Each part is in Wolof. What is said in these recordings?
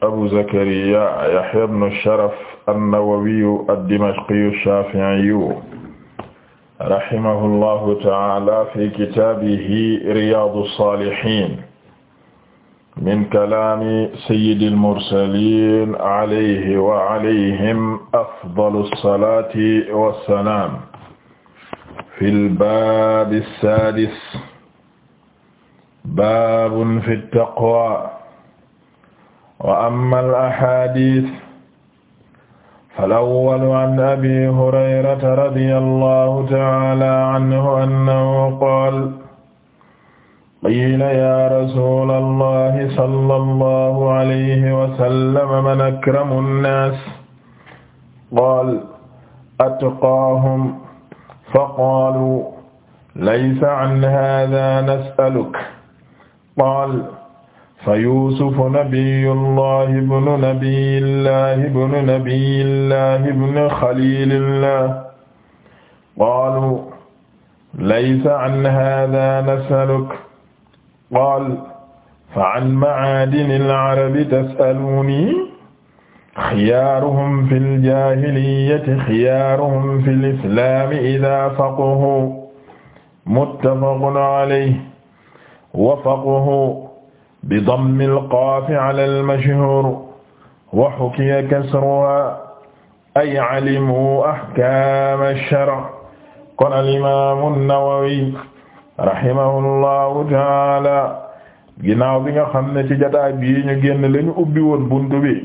abu zakariya yahya ibnu sharaf annawawiyu addimashqiyu shaafi'iyu rahimahullahu ta'ala fi kitaabihi riyaadu saalihiin min kalaami sayyidil mursaliin alayhi wa alayhim afdalu salaati wa salaam fil baabi saadis baabun fit taqwaa wa ammal axaadiis fal awwalu an abii hurayrata radiyallaahu ta'aalaa anhu annahu qaala qiila yaa rasuulallaahi sallallaahu alayhi wa sallam man akramu nnaas qaala atqaahum faqaaluu laysa an haazaa nas'aluka qaala fa yusufu nabiyullahi bnu nabiyillahi bnu nabiyillahi bnu xalilillah qaalu laysa an hada nasaluk qaal fa an macaadini alcarabi tasaluuni xiyaaruhum fi ljaahiliyati xiyaaruhum fi lislaami idaa faqahu muttafaqun calayhi wa faqahu bi dammi alqaafi ala almashhuur wa hukiya kasruhaa ay alimu ahkaam ash-shar' kon alimaamu nawawi rahimahullahu taala ginnaaw bi nga xam ne ci jataay bii ñu génn lañu ubbi woon bunt bi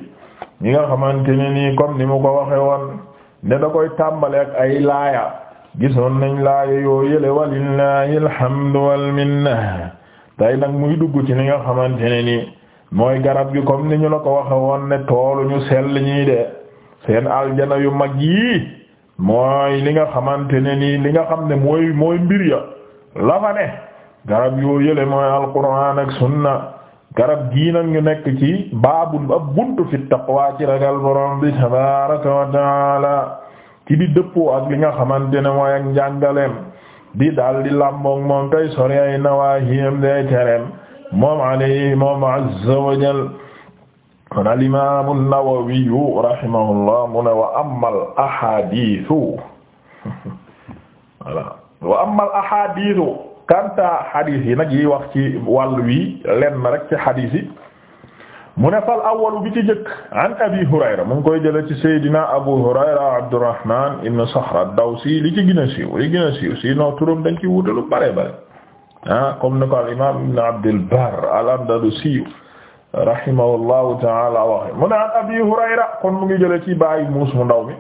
ñi nga xamante ne nii comme ni mu ko waxe woon ne da koy tàmbale ak ay laaya gisoon nañ laaya yoo yële walillahi alhamdu wal minna tey nag muy dugg ci li nga xamante ne nii mooy garab gi comme ni ñu la ko waxe woon ne toolu ñu sell ñii de seen aljana yu mag yii mooy li nga xamante ne nii li nga xam ne mooy mooy mbir ya la fa ne garab yoo yële mooy alquran ak sunna garab gii nag ñu nekk ci baabul ab buntu fi taqwa ci ragal borom bi tabaraka wa taala ci di dëppoo ak li nga xamante ne mooy ak njàngaleem di daal la làmboog moom tey sori ay nawaahiyam day tereem moom alayhi moom azza wa jal kon al imaamu Nawawi rahimahullah mu ne wa amal ahadiisu voilà wa amal ahadiisu kanta hadis yi nag yi wax ci wàll wi lenn rek ci hadis mu ne fal awwalu bi ci njëkk an abi hurayra mu ngi koy jële ci seydina abu hurayra abdurrahman ibn saxra ad-dawsi li ci gën a siiw li gën a siiw si noo turam dañ ci wutalu bare bare ah comme ni ko al imam ibn abdul bar al andalusi rahimahullahu taala waxe mu ne an abi hurayra kon mu ngi jële ci bàyyi muus mu ndaw mi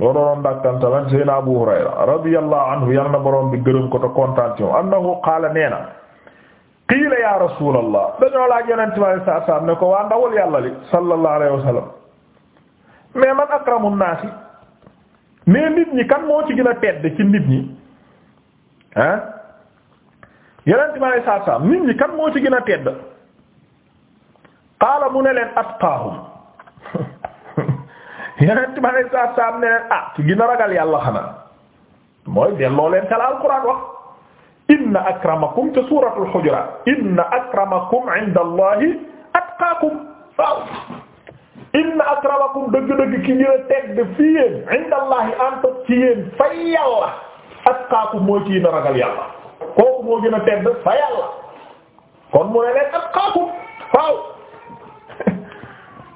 looloon daktantalan seydina abu hurayra radiyallahu anhu yal na borom bi gërëm ko te kontaan ci moom annahu qaala neena qiila ya rasulallah dañoo laaj yonent bi alayhi salaatu salaam ne ko waa ndawul yàlla li sallallahu alayhi wa sallam mais man akramu naasi nit ñi kan moo ci gën a tedd ci nit ñi ah yonent bi alayhi salaatu salaam nit ñi kan moo ci gën a tedd qaala mu ne leen atqaahum yonent bi alayhi salaatu salaam ne leen ah ci gën ragal yàlla xanaa mooy delloo leen kala alquran wax. inna akramakum te suuratul xujuraat inna akramakum inda allahi atqaakum waaw inna akramakum dëgg-dëgg ki ñu teg de fii yéen inda allahi anta ci yéen fa yàlla atqaakum mooy kii na ragal yàlla kooku moo gën a tedd fa yàlla kon mu ne leen atqaakum waaw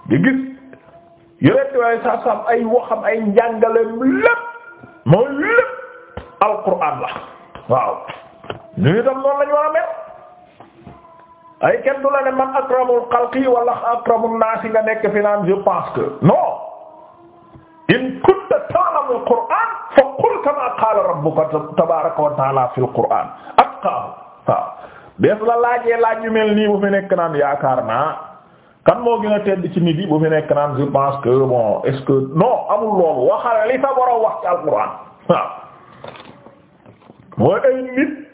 di gis yore waaye saa saam ay waxam ay njàngaleem lépp mooy lépp alquraan la waaw ñu itam noonu lañu war a ay kenn du la ne man akramul xalqi wala akramul naasi nga nekk fi naan je pense que in kunta ta'lamul qur'an fa qul kama qala rabbuka tabaraka wa ta'ala fil qur'an atqahu waaw la laajee laaj yu nii bu fi nekk naan yaakaar naa kan moo gën a tedd ci nit yi bu fi nekk naan je pense bon est que non amul loolu waxal li fa wax ci alquran mooy ay nit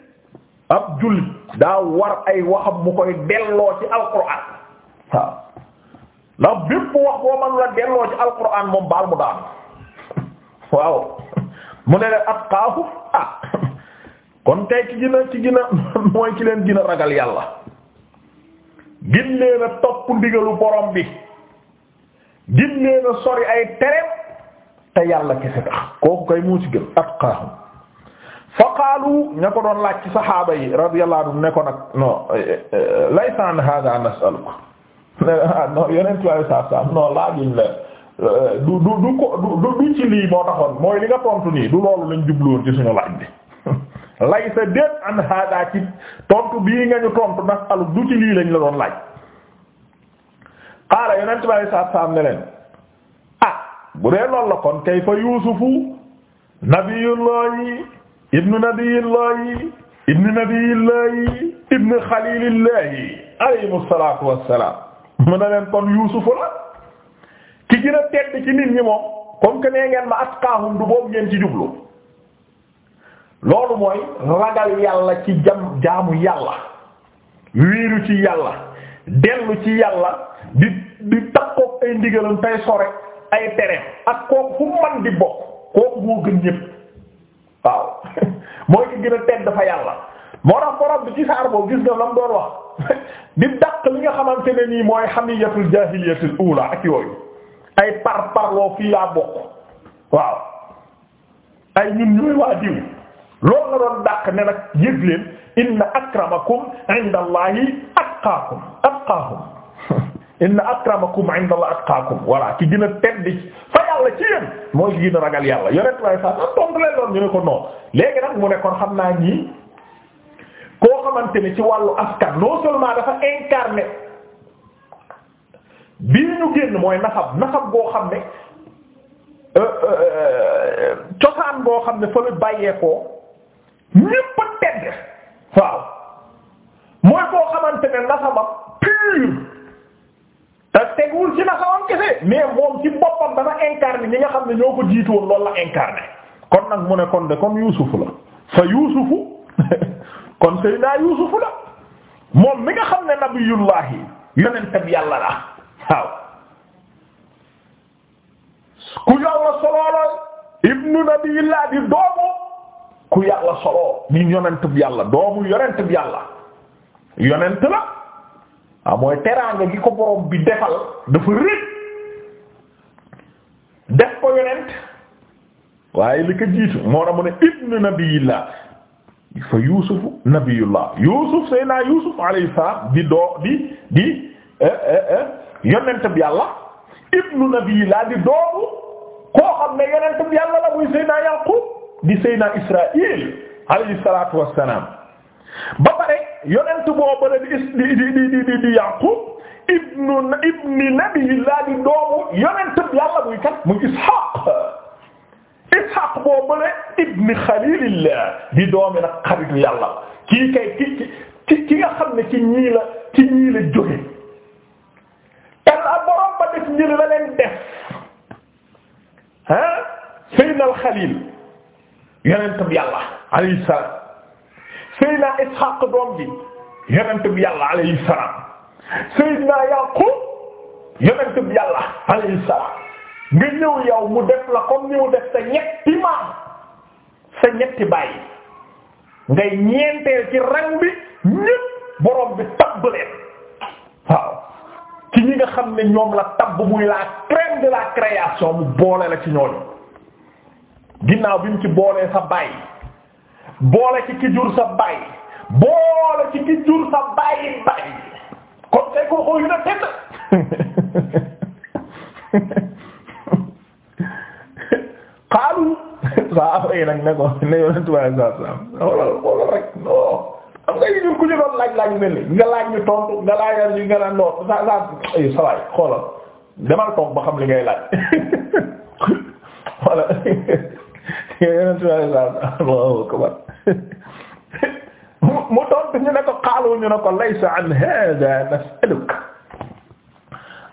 ab jullit daa war ay waxam mu koy delloo ci alquran waaw ndax bépp wax boo mën la delloo ci alquran moom baal mu daanu waaw mu ne leen ab xaafu ah. kon tey ki gën ci gën a mooy ci leen gën a ragal yàlla gin leen a topp ndigalu borom bi gin leen sori ay tereem te yàlla kese tax kooku kay moo gën ab xaafu fa qaalu ña ko doon laaj ci saxaaba yi radiyallahu anhum ne ko nag non eh, eh, eh, laysa an hada nasaluk ah, non yeneen tubaab saaf saaf non laajuñ la du du du ko du du ci lii moo taxoon mooy li nga tontu nii du loolu lañ jubluwoon ci suñu laaj bi laysa déet an ci tontu bii nga ñu tontu nasaluk du ci lii lañ la doon laaj. qaala yeneen tubaab saaf saaf ne leen ah bu dee loolu la kon kayfa yuusufu nabiyullahi ibnu nabiyillahi ibnu nabiyillahi ibnu xalilillahi alayhimu salaatu wassalaam mu ne leen kon yuusufu la ki gën a tedd ci nit ñi moom comme que nee ngeen ma atqaahum du boobu ngeen ci jublu loolu mooy ragal yàlla ci jam jaamu yàlla wiiru ci yàlla dellu ci yàlla di di takkook ay ndigalam tey sore ay tereem ak kooku fu man di bokk kooku moo gën ñépp waaw mooy ki gën a tedd dafa yàlla moo tax borom bi ci saar boobu gis nga lam doon wax di dàq li nga xamante ne nii mooy hamiyatul jahiliyatul ula ak yooyu ay par parloo fii laa bokk waaw ay ñun ñooy waa diw loolu la doon dàq ne nag yëg leen inna akramakum inda allahi atqaakum atqaakum inna akramakum inda Allah atqaakum voilà ki gën a fa yàlla ci mooy ki gën a ragal yàlla yonent waaye sax am tontu leen loolu ne ko non léegi nag mu ne kon xam naa ñii koo xamante ne ci wàllu askan non seulement dafa incarné bii ñu génn mooy naxab naxab boo xam ne euh, euh, cosaan boo xam ne fa la bàyyeekoo ñépp a tedd waaw mooy koo xamante ne naxabam pur te teguwul ci nasawam kese mais moom ci boppam dafa incarné ñi nga xam ne ñoo ko jiitu woon loolu la incarné kon nag mu ne kon de comme Yuusuf la fa Yuusufu kon naa Yuusufu la moom mi nga xam ne nabiyullahi yonentam yàlla la ku yàlla solooloo ibnu nabiyillah di doomu ku yàlla soloo di yonentam yàlla doomu yonentam yàlla yonent la waaw mooy teraanga gi ko borom bi defal dafa rëy def ko yonent waaye li ko jiitu moo tax mu ne ibnu nabiyillah fa yusuf nabiyullah yusuf sayna yusuf alayhi salaam di doo di di eh, eh, eh, yonent bi yàlla ibnu nabiyillah di doomu koo xam ne yonent bi yàlla la muy sayna yaqub di sayna israil alayhi salaatu wassalaam ba pare yonent boobu la di di di di di di Yaqub ibnu ibni nabiyillah di doomu kat muy Ishaq Ishaq boobu la ibni Khalilillah di doomi nag xaritu yàlla kay ki ki ki nga xam ne ci ñii la ci ñii la jóge borom leen def ah Sayyidina al Khalil yonentam yàlla alayhi salaam Seydina Ishaq doom bi yonent yàlla alayhi salaam Seydina Yaqub yonent yàlla alayhi salaam nga ñëw yow mu def la comme ñëw def sa ñetti maam sa ñetti bàyyi ngay ñeenteel ci rang bi ñépp borom bi tabb waaw ci ñi nga xam ne ñoom la tabb muy la crème de la création mu boole la ci ñooñu ginnaaw bi mu ci boolee sa bàyyi boole ci ki jur boole ci ki jur sa ko xooyu na tedd xaalu saaba yi nag ne ko ne yonent bi alayhi salaatu salaam xoolal xoolal no am nga ñun ku ñu doon laaj laaj mel nga laaj ñu tontu nga laajal nga naan non sa sa ay sawaay xoolal demal toog ba xam li ngay laaj voilà yonent mu tontu ñu ne ko xaaloo ñu ne ko laysa an hada nasaluk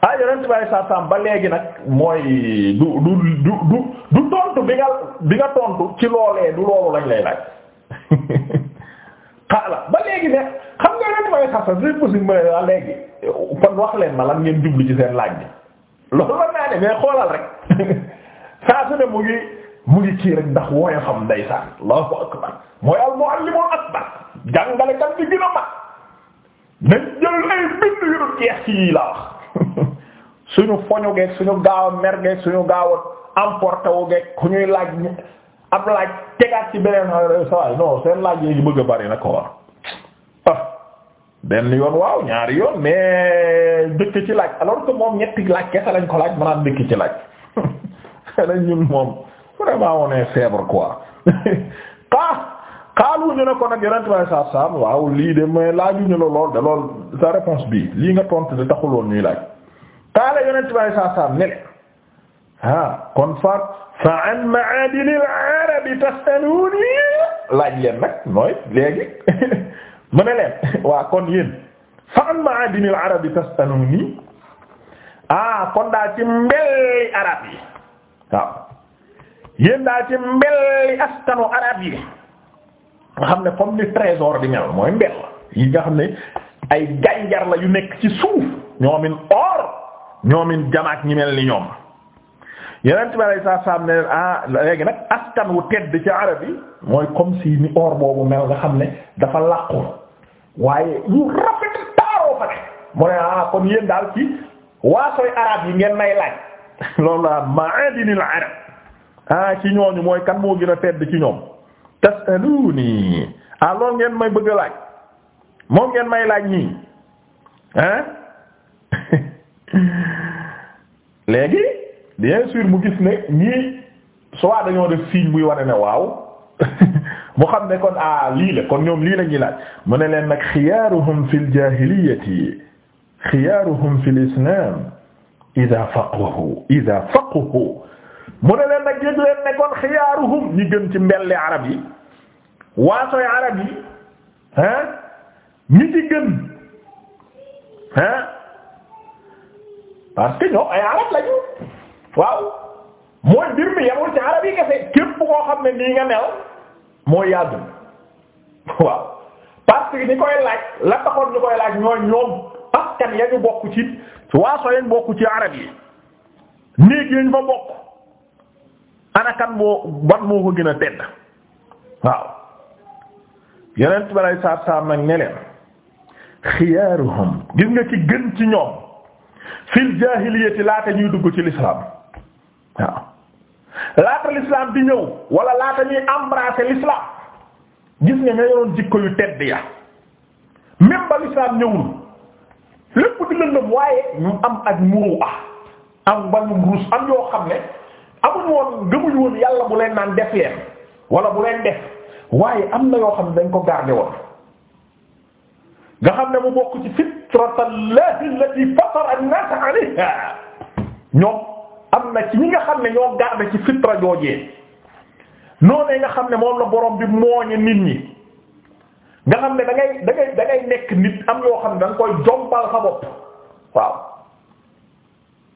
ah yonent bi saa saam ba léegi nag mooy du du du du du tontu bi nga bi nga tontu ci loolee du loolu lañ lay laaj xaala ba léegi ne xam nga yonent bi saa saam c'est possible ma ne léegi kon wax leen ma lan ngeen jublu ci seen laaj bi loolu la naa ne mais xoolal rek saa su ne mu ngi kii rek ndax wooya xam ndeysaan allahu akbar mooy al muallimul akbar jàngalekat bi gën a mag nañ jël ay bind yu dul jeex ci yii laa wax suñu foñu geeg suñu gaaw a mer geeg suñu gaaw a emporté wu geeg ku ñuy laaj ab laaj tegaat ci beneen sawaay non seen laaj yi bëgg a bari na ko war ah benn yoon waaw ñaari yoon mais dëkk ci laaj alors que moom ñetti laaj kese lañ ko laaj mënaat dëkk ci laaj xëy na ñun moom. vraiment on est faible quoi ah xaalu ñu ne ko nag yeneen tubaab saaf saaf waaw lii de mais laajuñu la lool de lool sa réponse bii lii nga tontu de taxul woon ñuy laaj xaala yeneen tubaab saaf saaf ne ah kon fa fa an ma'adinil arab tasaluni laaj leen nag mooy léegi mu ne leen waa kon yéen fa an ma'adinil arab tasaluni ah kon daal ci mbelli arab yi waaw. yéen daal ci mbelli askanu arab yi nga xam ne comme ni trésor di mel mooy mbel yi nga xam ne ay gànjar la yu nekk ci suuf ñoomin or ñoomin jamaak ñi mel ni ñoom yeneen bi alay saa saam ah léegi nag askan tedd ci arab yi mooy comme si ni or boobu mel nga xam ne dafa làqu waaye yu rafet taaroo fa ne mu ne ah kon yéen daal ci waasoy arab yi ngeen may laaj loolu la ma'adinil arab ah ci ñooñu mooy kan moo gën a tedd ci ñoom tasaluni ah ngeen may bëgg a laaj moom ngeen may laaj nii ah léegi bien sûr mu gis ne ñii soit dañoo def signe buy wane ne waaw mu xam ne kon ah lii la kon ñoom lii la ñuy laaj mu ne leen nag xiyaaruhum fil jaahiliyyati xiyaaruhum fil islam idaa faqahu idaa faqahu mu ne leen nag yëg leen ne kon xiyaaruhum ñi gën ci mbelli arab yi waasoy arab yi ah ñi ci gën ah parce que ñoom ay arab lañu waaw mooy mbir mi yamul ci arab yi kese képp koo xam ne nii nga nel mooy yàgg waaw parce que ñi koy laaj la taxoon ñu koy laaj ñooy ñoom askan yañu bokk ci waaso yañ bokk ci arab yi néeg yañ fa bokk ana kan moo ban moo ko gën a tedd waaw yeneen balay saab saab nag ne leen xiyaaruhum gis nga ci gën ci ñoom fil jaahiliyati laata ñuy dugg ci l'islam waaw laata l'islam di ñëw wala laata ñuy embrasser l'islam gis nga nga yoroon jikko yu tedd ya même ba l'islam ñëwul lépp di lëndëm waaye ñu am ak muruwa am ba ñu am yoo xam ne amuñu woon gëmuñu woon yàlla bu leen naan def leen wala bu leen def waaye am na yoo xam ne dañ ko garder woon nga xam ne mu bokk ci fitratallahi allati ñoom am na ci ñi nga xam ne ñoo garder ci fitra joojee noonee nga xam ne moom la boroom bi mooñe nit ñi nga xam ne da ngay da nekk nit am yoo xam ne da nga koy jombal sa bopp waaw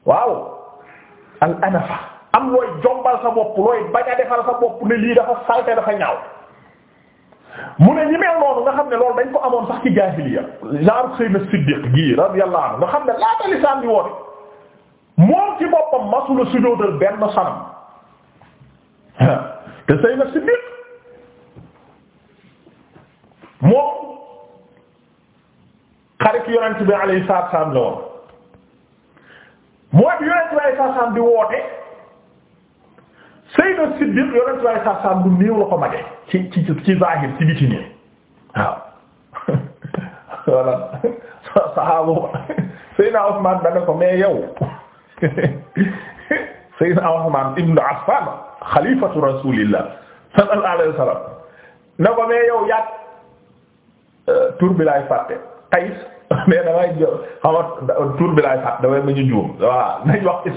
waaw al am looy jombal sa bopp looy bañ a defal sa bopp ne lii dafa salte dafa ñaaw mu ne ñi mel noonu nga xam ne loolu dañ ko amoon sax ci jaahiliya genre Seydina Siddiq gii radiyallahu anhu nga xam ne laata lisaan bi woote moom ci boppam benn sanam te Seydina moom xarit yonent bi alayhi salaatu wa salaam la woon mooy bi woote Seydina Siddiq yonent bi saa saa bu néew la ko magee ci ci ci zahir ci biti nii waaw voilà saxaabu Seydina Usmaan dana ko mais yow Seydina Usmaan ibnu Affaan xalifatu rasuulillah sallallahu alayhi wa sallam na ko mais yow yaat tur bi laay fàtte Qays mais damay jo tur bi laay fàtte damay ma ñu juum waaw nañ wax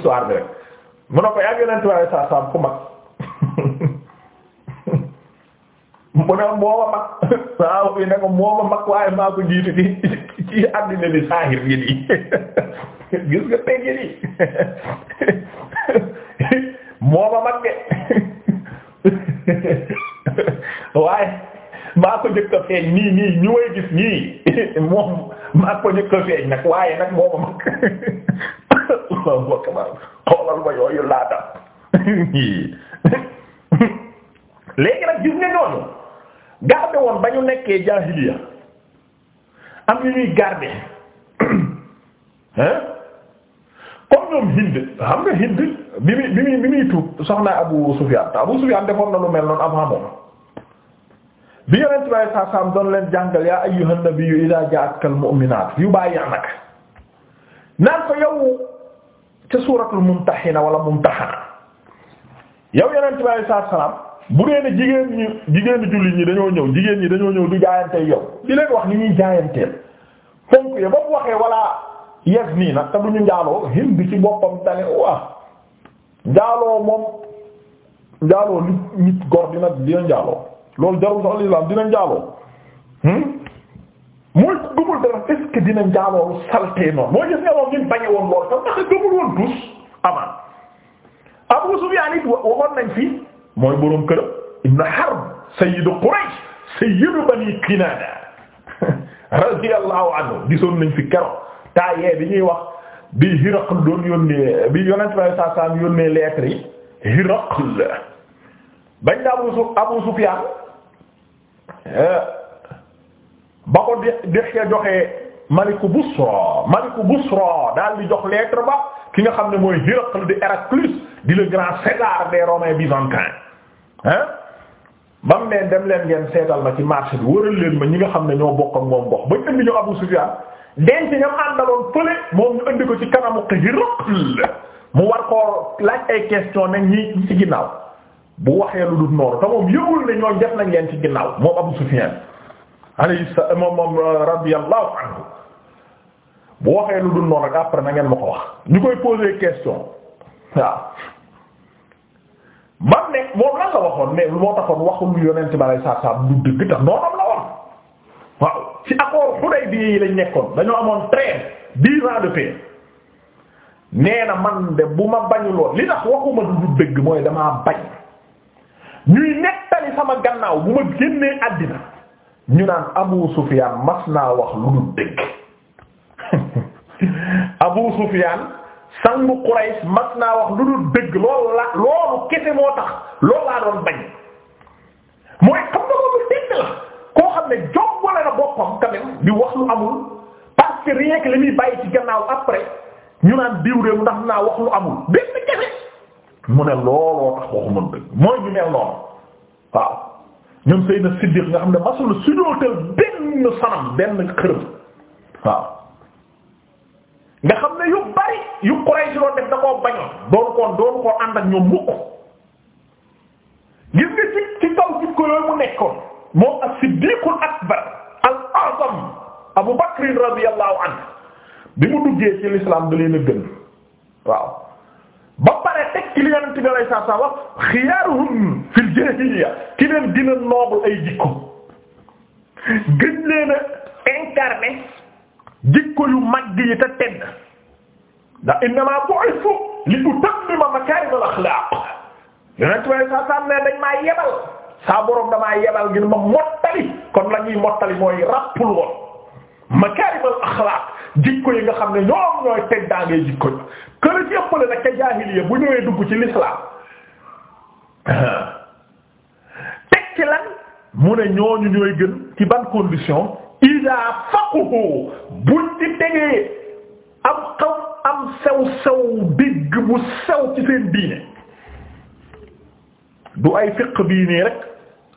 mu ne ko yaa yonent bi alayhi salaatu salaam ku mag mu ne mooma mag waaw bi ne ko mooma mag waaye maa ko jiitu ci ci àddina bi saahir gi nii gis nga teg gi nii mooma mag de maa ko jëkk a feeñ nii nii ñu way gis nii moom maa ko jëkk a feeñ nag waaye nag mooma mag waaw xoolal ma yooyu laata léegi nag gis nga ñooñu garde woon ba ñu nekkee jaahiliya am yu ñuy garde hein comme ñoom Hind xam nga Hind bi muy bi muy tuub soxna Abu Sufyaan te Abu Sufyaan defoon na lu mel noonu avant moom bi yonent bi sallallahu alayhi wasallam doon leen jàngal yaa ayyuhan nabiyyu idhaa jaa'akal mu'minaat yubaayyi'naka naan ko yow ca suuratul mumtaxina wala mumtaxana yow yeneen ci bàyyi saa salaam bu dee ne jigéen ñi jigéenu jullit ñi dañoo ñëw jigéen ñi dañoo ñëw di jaayanteel yow di leen wax ni ñuy jaayanteel ponk ya ba mu waxee wala yes nii nag te du ñu njaaloo Hind ci boppam dane waa njaaloo moom njaaloo nit nit góor dina dina njaaloo loolu jarul sax lislaam dina njaaloo. Hmm? mooy ko gëmul dara est-ce que dina njaalooru saltee noonu mooy gis nga moom ñun bañe woon loolu sax ndax gëmul woon dus amaan Abu Sufyaan it waxoon nañ fii mooy boroom këram Ibn Harb sayyidu Quraysh sayyidu Bani Kinaana radiyallahu anhu gisoon nañ fi keroog taa bi ñuy wax bi Hiraql doon yónnee bi yonent bi saa yónnee lettre Hiraql bañ da Abu Sufyaan eh, ba ko Dihya joxe maliku Busra maliku Busra daal di jox lettre ba ki nga xam ne mooy Héraclius di Héraclius di le grand César des Romains byzantins hein ba mu ne dem leen ngeen seetal ma ci marché bi wëral leen ma ñi nga xam ne ñoo bokk ak moom gox ba ñu indi ñu Abu Sufyan denc ñam àndaloon fële moom ñu indi ko ci kanamu Hiraql mu war koo laaj ay question nag ñi ci ginnaaw bu waxee lu dul noonu te moom yëgul ne ñoo def nañ leen ci ginnaaw moom Abu Sufyan alayhi salaam moom moom euh, radiyallahu anhu bu waxee lu dul noonu rek après na ngeen ma ko wax ñu koy poser question waaw man ne moom lan la waxoon mais moo taxoon waxul yonent ba lay saa saa du dëgg tax noonam la woon waaw ci accord Hudaybiya yi lañ nekkoon dañoo amoon trêve dix ans de paix na man de bu ma bañuloon li tax waxuma du dëgg mooy damaa bañ ñuy nettali sama gannaaw bu ma génnee àddina ñu naan Abu Sufyaan mas naa wax lu dul dëgg Abu Sufyaan sangu Quraysh mas naa wax lu dul dëgg loolu la loolu kese moo tax loolu laa doon bañ mooy xam nga loolu dëgg la koo xam ne jom wala boppam quand même wax lu amul parce que rien que li muy bàyyi ci gannaaw après ñu naan diw de ndax naa wax lu amul benn kese mu ne looloo tax waxu dëgg mooy ñu mel noonu waaw. ñoom Seydina Siddiq nga xam ne masul sujjóotal benn sanam benn xërëm waaw nga xam ne yu bari yu Quraysh doon def da doon ko doon ko ànd ak ñoom mukk gis nga ci ci taw jikko yooyu mu nekkoon moom as-Siddiqul akbar al-a'zam Abu Bakr radiyallahu anhu bi mu duggee ci l'islam da leen a gën waaw ba pare teg ci li yonent bi alayhi salaam wax xiyaaruhum fil jaahiliyya ki ay jikko gën leen a jikko yu mag yi te tedd ndax innamaa bu'istu li utammima makaarim al axlaaq yonent bi alayhi salaam ne dañ maa ma mottali kon la ñuy mottali mooy rappul woon makaarim al jikko yi nga xam ne ñoom ñooy teg daangee jikko yi kër ci ëppale nag ca jaahiliya bu ñëwee dugg ci lislaam teg ci lan mu ne ñooñu ñooy gën ci ban condition idaa faquhu buñ ci tegee am xaw am sew sew digg bu sew ci seen diine du ay fiq bii nii rek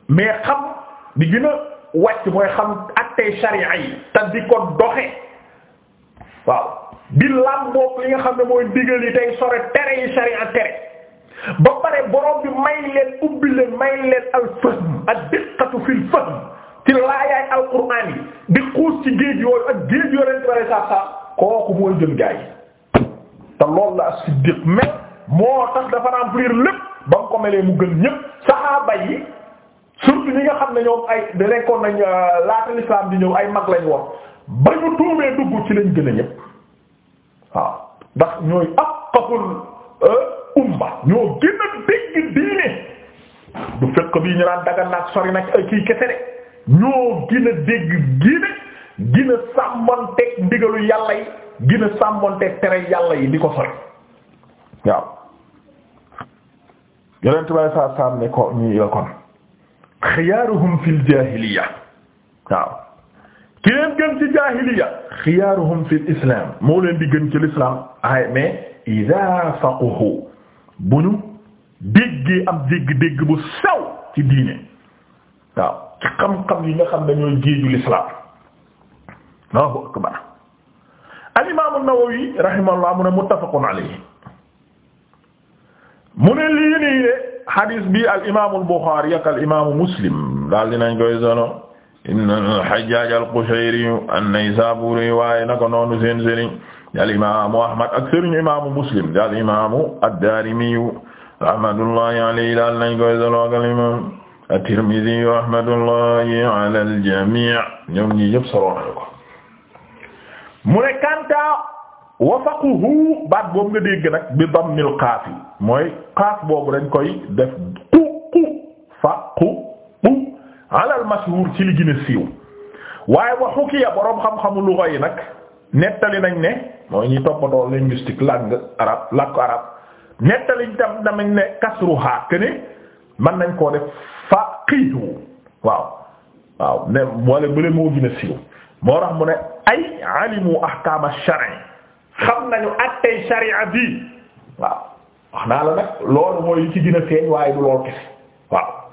mais xam di gën a wàcc mooy xam àttee sharia yi te di ko doxe waaw bi làmboog li nga xam ne mooy digal yi tey sore tere yi sariya tere ba pare borom bi may leen ubbi leen may leen al fahm ad diqqatu fil fahm ci laayaay al quraan yi di xuus ci géej yooyu ak géej yoo leen bare saa saa kooku mooy jën gaay te loolu la as-Siddiq mel moo tax dafa remplir lépp ba mu ko melee mu gën ñépp saxaaba yi surtout ñi nga xam ne ñoom ay da nekkoon nañ euh, laata l'islam di ñëw ay mag lañ woon ba ñu tuubee dugg ci lañ gën a ñépp waaw ndax ñooy afqahul euh, umma ñoo gën a dégg diine du fekk bii ñu daan daga naag sori nag ay kii kese de ñoo gën a dégg diine gën a sàmmonteeg ndigalu yàlla yi gën a sàmmonteeg tere yàlla yi di ko sori waaw yonent bi saa saam ne ko ñuy la kon xiyaaruhum fil jaahiliya waaw ki leen gën ci jaahiliya xiyaaruhum fil islam moo leen di gën ci l'islam ay mais idaa faquhu bu ñu déggee am dégg-dégg bu sew ci diine waaw ci xam-xam yi nga xam ne ñooy géeju l'islam Allahu akbar al imaam an-Nawawi rahimahullah mu ne muttafaqun alayhi mu ne lii nii de hadis bi al imaamul Buxaari ak al imaamu Muslim daal dinañ koy solo. ibn al-Hajjaj al-Qushayri an-Naysaburi waaye naka noonu seen sëriñ al imaamu Ahmad ak sëriñ imaamu Muslim di al imaamu ad-Daarimi rahmatullahi alayhi daal nañ koy solo ak al imaam at-Tirmidhi rahmatullahi ala al-jamii' ñoom ñi yëpp solo nañ ko mu ne kanta wafaquhu baat boobu nga dégg nag bi dammil qaafi mooy qaaf boobu dañ koy def qu qu fa qu qu alal mashhur ci li gën siiw waaye wa hukiya boroom xam-xamu lugha yi nag nettali nañ ne mooy ñi toppatoo linguistique langue arabe làkku arabe nettali tam damañ ne kasruha que ne mën nañ koo def faqihu waaw waaw ne wala bële moo gën siiw moo tax mu ne ay alimu ahkam ash-shar'i xam nañu attey sharia bi waaw wax naa la nag loolu mooy ci gën feeñ waaye du loolu kese waaw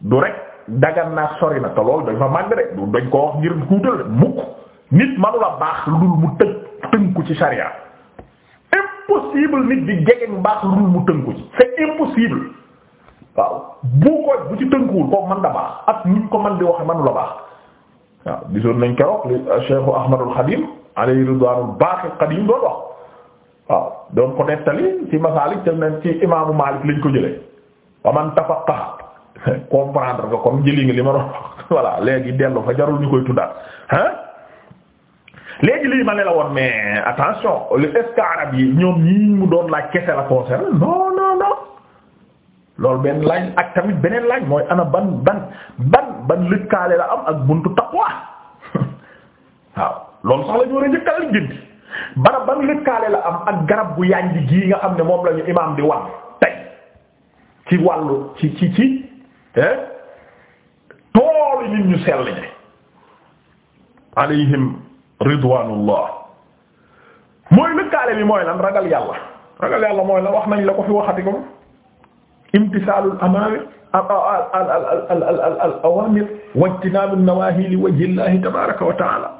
du rek dagan naa sori na te lool dañ fa màgg rek du dañ ko wax ngir xuutal rek mukk nit manula baax lu dul mu tënk tënku ci sharia impossible nit di jege baax lu dul mu tënku ci c'est impossible waaw bu ko bu ci tënkuwul kooku man da baax ak ñu ko man di waxe manula baax waaw gisoon nañ keroog li Ahmadul Xadim alayhi ridwaanul baaqil qadiim doon wax waaw doon ko nettali ci masaalik te nañ ci imaamu Maalik lañ ko jëlee wa man tafaqqaha comprendre nga kon jëli nga li ma doon voilà léegi dellu fa jarul ñu koy tuddaat ah. léegi lii ma ne la woon mais attention est-ce arab yi ñoom ñii mu doon laaj kese la concerne non non loolu benn laaj ak tamit beneen laaj mooy ana ban ban ban ban lëkkaale la am ak buntu taqwa waaw loolu sax la war a njëkkal jënd bana ban lëkkaale la am ak garab bu yànji gii nga xam ne moom lañu ñu imaam di wan tey ci wàllu ci ci ci. eh toolu nit ñu sell ñi alayhim ridwanullah mooy lëkkaale bi mooy lan ragal yàlla ragal yàlla mooy lan wax nañ la ko fi waxati ko imtisaalul amaamir al awaamir wajtinaabun nawaahi li wajhillahi tabaaraka wa ta'aala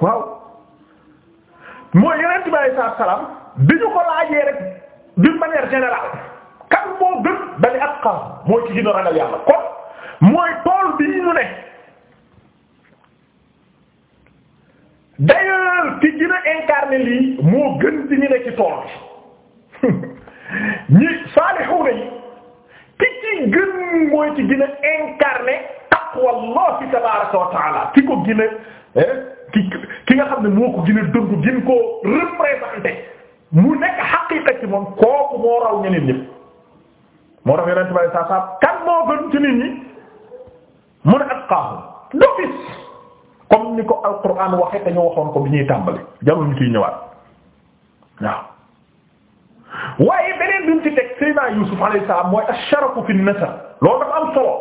waaw mooy yeneen bi alayhi salaam bi ñu ko laajee rek d'une manière générale kan moo gën dali ak xam mooy ci gën a ragal yàlla kon mooy tool bii ñu ne d'ailleurs gën a incarné lii moo gën ci ñu ne ci tool bi ñi saalihuuna yi ki ci gën mooy ci gën a incarné taqwallahi tabaaraka wa ta'ala ki ko gën a eh, ki ki nga xam ne moo ko gën a dund gën koo représenté mu nekk xaqiqa ci moom kooku moo raw ñeneen ñépp moo tax yeneen tubaab yi saa saa kan moo gën ci nit ñi mu ne atqaahu d'office comme ni ko Alquran waxee te ñu waxoon ko bi ñuy tàmbali jarul ñu ciy ñëwaat waaw. waaye beneen bi mu ci teg Seydina Yuusuf alayhi salaam mooy asharafu fi nasab loolu dafa am solo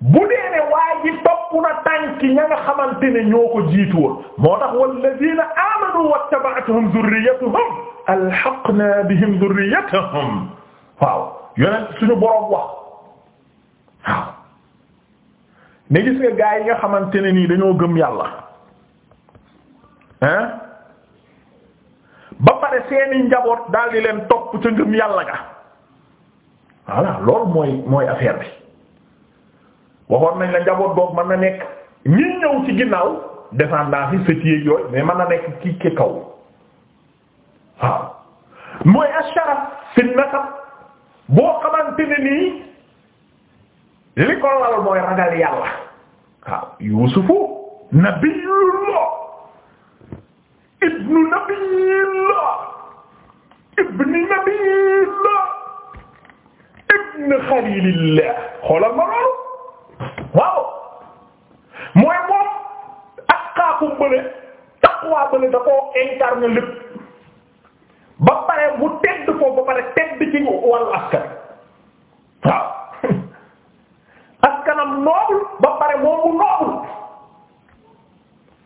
bu dee ne waa ji topp na tànk ña nga xamante ne ñoo ko jiitu woon moo tax walladiina aamanu wattaba'atuhum dhurriyyatuhum alhaqnaa bihim dhurriyyatahum waaw yonent suñu boroom wax waaw ne gis nga gaa yi nga xamante ne nii dañoo gëm yàlla hein ba pare seeni njaboot daal di leen topp ca ngëm yàlla ga voilà loolu mooy mooy affaire bi waxoon nañ la njaboot boog mën na nekk ñi ñëw ci ginnaaw descendance yi sëtiyéeg yooyu mais mën na nekk ki ki kaw waaw mooy asharaf boo xamante ne nii li ko lal mooy ragal yàlla waaw yuusufu nabiyullah ibnu nabiyillah ibni nabiyillah ibn xalilillah xoolal ma loolu waaw mooy moom ak xaakum bële taqwa bële da koo incarne ba pare mu tedd ko ba pare tedd ci wàllu askan waaw askanam noble ba pare moom mu noble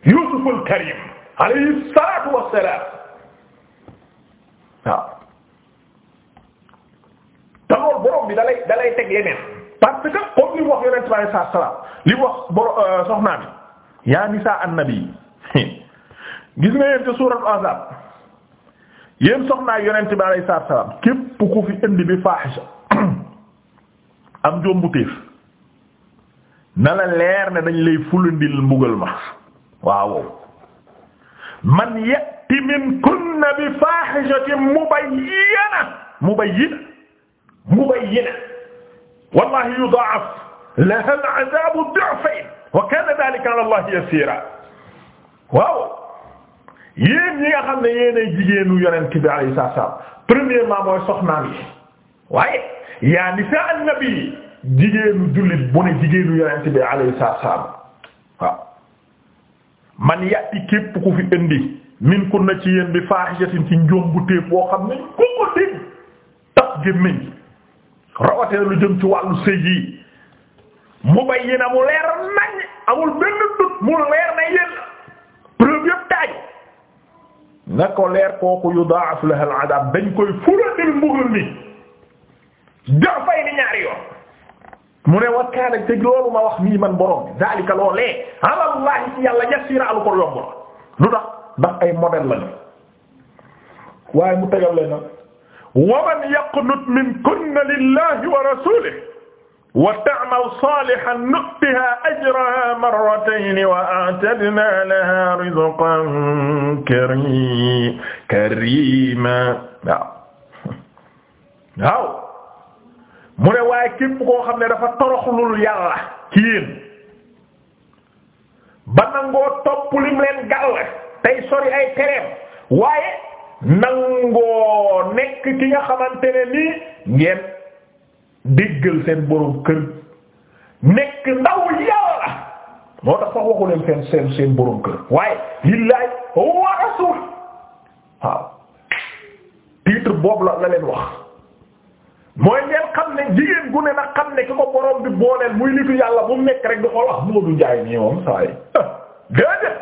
Yusuf al-Karim alayhi salaatu wassalaam waaw te loolu borom bi dalay dalay teg leneen parce que comme li mu wax yonent bi alayhi salaatu wassalaam li mu wax borom euh, soxnaa bi yaa nisaa an-nabi gis nga yéen te suuratul Ahzaab yéen soxnaay yonent bi alayhi salaam képp ku fi indi bi faaxisa am jombuteef na la leer ne dañ lay fulandil mbugal ma waaw man yati min kunna bi faaxisatin mubayyina mubayyina mubayyina wallahi yudaa'af laha al'adaabu du'fayn wa kaana dhaalika ala allahi yasiira waaw yéen ñi nga xam ne yéenay jigéenu yonent bi alayhi salaam premièrement mooy soxnaam yi waaye yaa nisaa an-nabi jigéenu jullit bu ne jigéenu yonent bi alayhi salaam waaw man yàtti képp ku fi indi min na ci yéen bi faahijatin ci njombu téeb boo xam ne ku ko dégg tax gémmiñ rawatee lu jëm ci wàllu sëy yi mu bayyina mu leer nañ amul benn dut mu leer na yéen na leer kooku yu laha al-'adab dañ koy fulandil mbugal mi da ni ñaari yoon mu ne wa kaana te loolu ma wax nii man borom bi daalika loolee ala Allahi ci yàlla yasiira alu ko yomb la lu ndax ay modèle lañu mu tegal leen nag yaqnut minkunna lillahi wa wa ta'mal salihan nu'tiha ajraha marratayn wa a'tadna laha rizqan karima waaw waaw mu ne waaye képp koo xam ne dafa toroxlul yàlla ci yéen ba nangoo topp lim leen tey sori ay tereem waaye nangoo nekk ki nga xamante ne déggal seen borom kër nekk ndaw yàlla moo tax sax waxu seen seen seen borom kër waaye lillaay wa waaw titre boobu la la leen wax mooy ngeen xam ne jigéen gu ne xam ne ki ko borom bi booleel muy nitu yàlla bu nekk rek di xool wax ah, Moodu Njaay nii moom saa yi ah, déedéet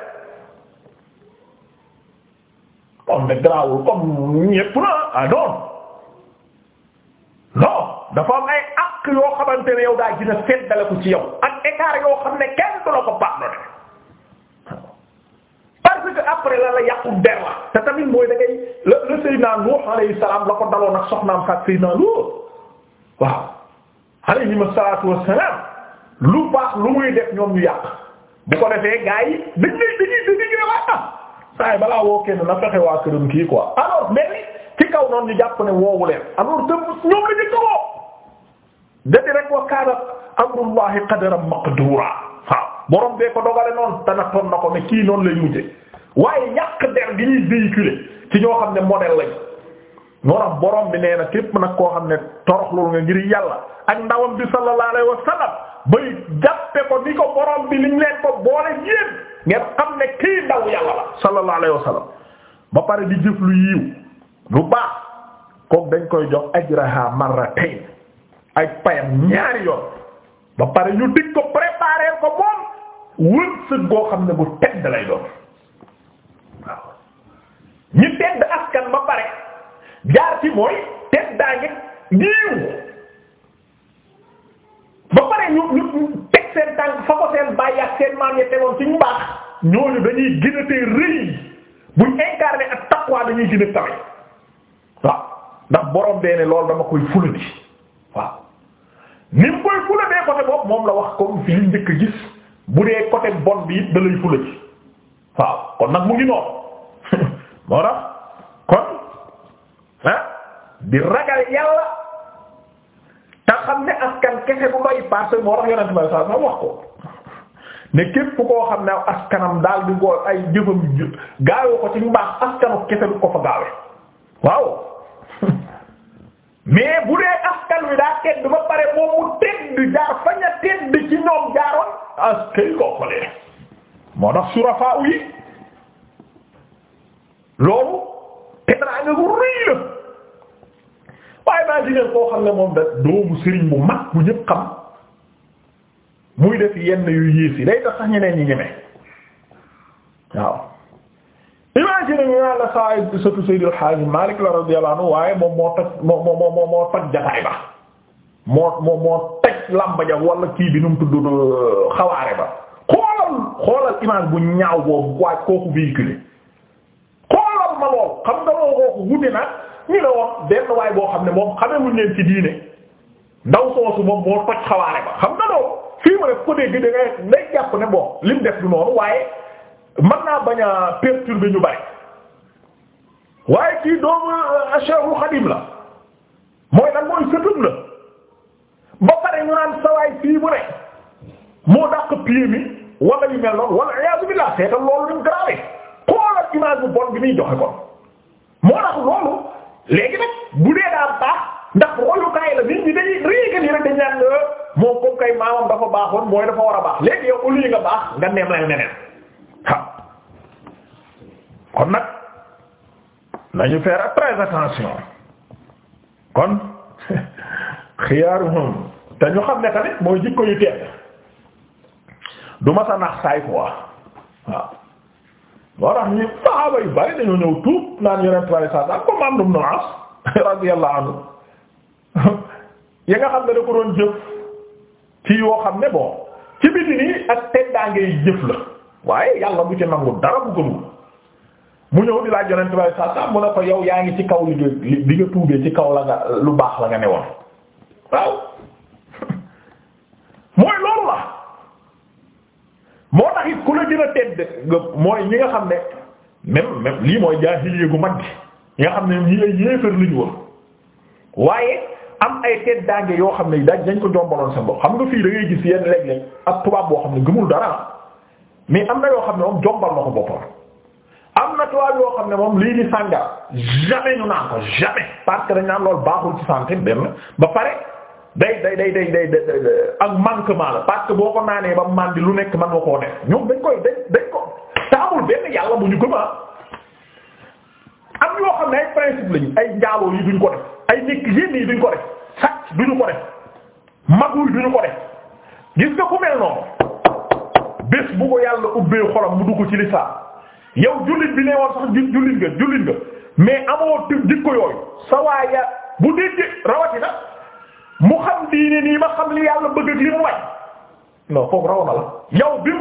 moom ne garaawul comme ñépp na ah non non dafa am ay ak yoo xamante yow daa gën a seddale ci yow ak écart yoo xam ne kenn du la ko baax noonu parce que après la la yàqu der la te tamit mooy da ngay la la Seydina Nuux alayhi la ko daloon ak soxnaam faat Seydina Luut waaw alayhi salaatu wassalaam lu baax lu muy def ñoom ñu yàq bu ko defee gars yi dañ lay dañuy dañuy gën a waay am ah saa yi balaa woo kenn na fexe waa këram kii quoi alors mais ci kaw noonu jàpp ne woowu leen alors dadi rek wa kaana amrullahi qadaran maqdura waaw borom bee ko dogale noonu dana toon na ko ne kii noonu lay mujje waaye yàq der gi ñuy véhiculer ci ñoo xam ne modèle lañ ñoo borom bi nee na képp nag koo xam ne torox loolu nga ngir yàlla ak ndawam bi sallallahu alayhi wa sallam bay jàppe ko ni ko borom bi liñ leen ko boole yéen ngeen xam ne kii ndaw yàlla la sallallahu alayhi wa ba pare di jëf lu yiw lu baax kook dañ koy jox ajraha marratayn ak payam ñaari yoon ba pare ñu dig ko préparer ko moom wërsëg goo xam ne bu tedd lay doon waaw tedd askan ba pare jaar ci mooy tedd daa ngi ba pare ñu ñu teg seen tànk fa ko seen bàyyi ak seen maam ya tegoon ci mbaax ñooñu dañuy gën a rëy buñ incarné ak taqwa dañuy gën a tawe waaw ndax borom dee ne loolu dama koy fulandi waaw ni koy fula dee côté boobu moom la wax comme fi liñ njëkk gis bu dee côté bon bi it da lay waaw kon nag mu ngi noonu moo tax kon ah di ragal yàlla te xam ne askan kese bu doy parce que moo tax yonent ba saa wax ko ne képp koo xam ne askanam daal di góor ay jëfam gaawee ko ci mbaax askanu kese du ko fa gaawee waaw. mais bu dee askan wi daa tedd ba pare moom mu tedd jaar fañ a tedd ci ñoom jaaroon askay koo xoolee moo tax surafa u yi loolu teraanga gu rëy la waaye imaginer koo xam ne moom da doomu sëriñ bu mag bu ñëpp xam muy def yenn yu yées yi day tax sax ñeneen ñi ñeme waaw imagine ñu naan la saa yi surtout Seydi El Hadji Malick la radiyallahu anhu waaye moom moo toj moo toj jataay ba moo moo toj lamba ja wala kii bi nu mu tudd euh, xawaare ba xoolal xoolal image bu ñaaw boobu waaj kooku véhiculé xoolal ma lool xam nga loolu kooku wute na ñu ne woon benn waay boo xam ne moom xamee wuñ leen ci diine ndaw soosu moom moo toj xawaare ba xam nga loolu fii mu ne ko dégg da ngay day jàpp ne bon lim def du noonu waaye. man naa bañ a bi ñu bari waaye kii doomu euh, Cheikh Xadim la mooy lan mooy sëtëm la ba pare ñu naan sawaay fii mu ne moo dàq pied mi wala yu mel noonu wala iyaazu billaah seetal loolu lim grave xoolal image bu bon bi muy joxe kon moo tax loolu léegi nag bu dee daa baax ndax royukaay la nit ñi dañuy réegal yi rek dañ naan euh, moom comme kay maamam dafa baaxoon mooy dafa war a baax léegi yow au nga baax nga neem neneen kon nag nañu faire très attention kon xiyaaruhum te ñu xam ne tamit mooy jikko yu tedd du ma sa nax saay quoi waaw moo tax ñu saxaaba yu bari dañoo ñëw tuub naan yonent bi sallallahu alayhi wasallam comme Amr ibn anhu yi nga xam ne da ko doon jëf ci yoo xam ne bon ci biti nii ak teddaangee jëf la waaye yàlla bu ci nangu dara bu gëmul mu ñëw di laaj yonent bi saa saa mu ne ko yow yaa ngi ci kaw li nga li nga tuubee ci kaw la nga lu baax la nga ne woon waaw mooy loolu la moo tax it ku la dina tedd mooy ñi nga xam ne même même lii mooy jaahiliya gu mag ñi nga xam ne ñi ay yéefar li ñu woon waaye am ay tedd daange yoo xam ne dañ ko jombaloon sa bopp xam nga fii da ngay gis yenn léeg-léeg ak tubaab boo xam ne gëmul dara mais am na yoo xam ne moom jombal na ko boppam. am na tubaab yoo xam ne moom lii di sàngara jamais ñu naan ko jamais parce que dañ loolu baaxul ci santé benn ba pare day day day day day ak manquement la parce que boo ko naanee ba màndi lu nekk mën nga koo def koy dañ dañ ko taamul benn yàlla bu ñu gëm a ah. am yoo xam ne ay principe lañu ay njaaloo yi duñ ko def ay nekk yenn yi duñ ko def sàcc duñu ko def magul duñu ko def gis nga ku mel noonu bés bu ko yàlla ubbee xolam mu dugg ci lislaam yow jullit bi ne woon sax jullit nga jullit nga mais amoo jikko yooyu sa waaya bu dégg rawatina mu xam diine nii ma xam li yàlla bëgg ak li mu wañ non foofu raw na la yow bi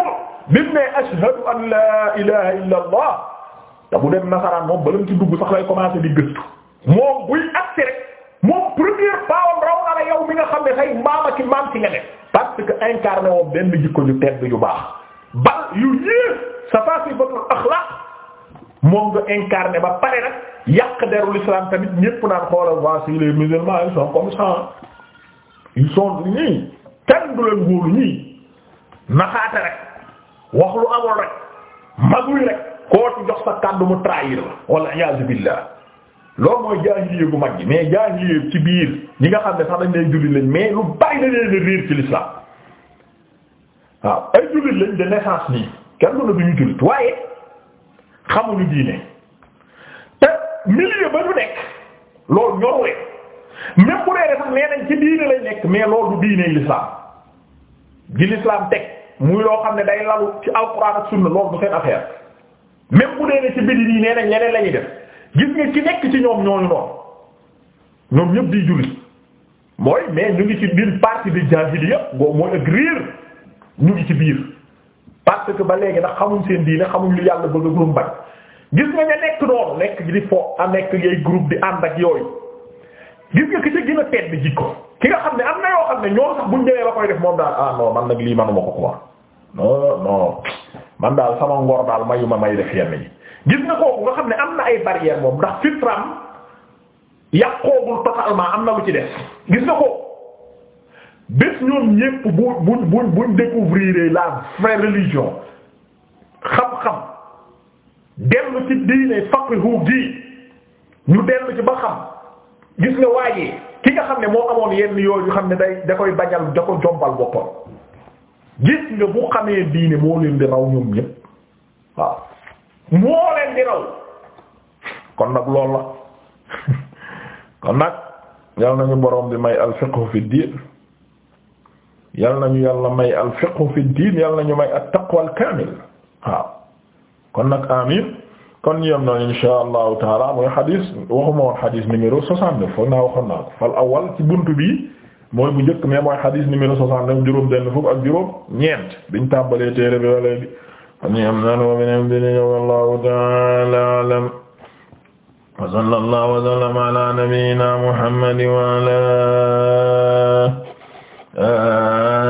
te bu dem nasaraan moom balam ci dugg sax lay commencé di gëstu moom buy agsi rek moom yow mi nga xam ne say mbaama ci maam ci nga ne parce que incarné jikko ju tedd ju baax bal yu yées safasifatul axlaq moom nga incarné ba pare nag yàq deru islam tamit ñépp naan xoolal voici les musulmans ils sont comme ça ils sont ñii kenn du leen wóolu ñii naxaate rek wax lu amul rek maguy rek koo ci jox sa kàddu mu trahir la walla iyaazu billah loolu mooy jaahiliya bu mag gi mais jaahiliya ci biir ñi nga xam ne sax dañ lay julli leen mais lu bari dañ leen réer ci l'islam waaw ay jullit lañ de naissance nii kenn du ne du ñu jullit waaye xamuñu diine te milieu ba ñu nekk loolu ñorule même bu dee sax nee nañ ci diine nekk mais loolu du teg muy loo xam ne day lalu ci alxuraan ak sunna loolu du seen affaire même bu dee ne ci bidi nii nee nañ leneen la ñuy def gis nga ci nekk ci ñoom ñooñu noonu ñoom ñëpp di jullit mooy mais ñu ngi ci biir partie de jaahiliya boobu mooy ak réer ñu ngi ci biir parce que ba léegi ndax xamuñ seen diine xamuñ lu yàlla bëgg lu mu bañ gis nekk doon nekk di fo a nekk yay groupe di ànd ak a na yoo xam ne ñoom moom daal ah non man nag lii manuma ko quoi non non man daal sama ngor daal mayuma may def yenn yi gis nga kooku nga xam ne am na ay barrière moom ndax fitram yàqoogul am na lu ci def gis nga ko bés ñoom ñépp bu bu bu buñ découvrir la vraie religion xam-xam dellu ci diine faqihu gi ñu dellu ci ba xam gis nga waaye ki nga xam ne moo amoon yenn yooyu xam ne day da koy bañal da ko jombal boppam gis nga bu xamee diine moo leen di raw ñoom ñépp waaw moo leen di raw kon nag loolu la kon nag yàlla nañu borom bi may al fiqhu fi diin yal nañu yàlla may al fiqhu fi diin yal nañu may at taqwa al kaamil waaw kon nag amin kon ñu yem noonu insha allahu taala mooy xadis waxuma woon xadis numéro 69 foog naa waxoon naa ko fal awal ci buntu bi mooy bu njëkk mais mooy xadis numéro 69 juróom benn fukk ak juróom ñeent biñ tàmbalee téere bi wala bi kon ñu yem noonu wa beneen bi ñu wallahu taala alam wa sallallahu wa sallama ala nabiyyina muhammadin wa ala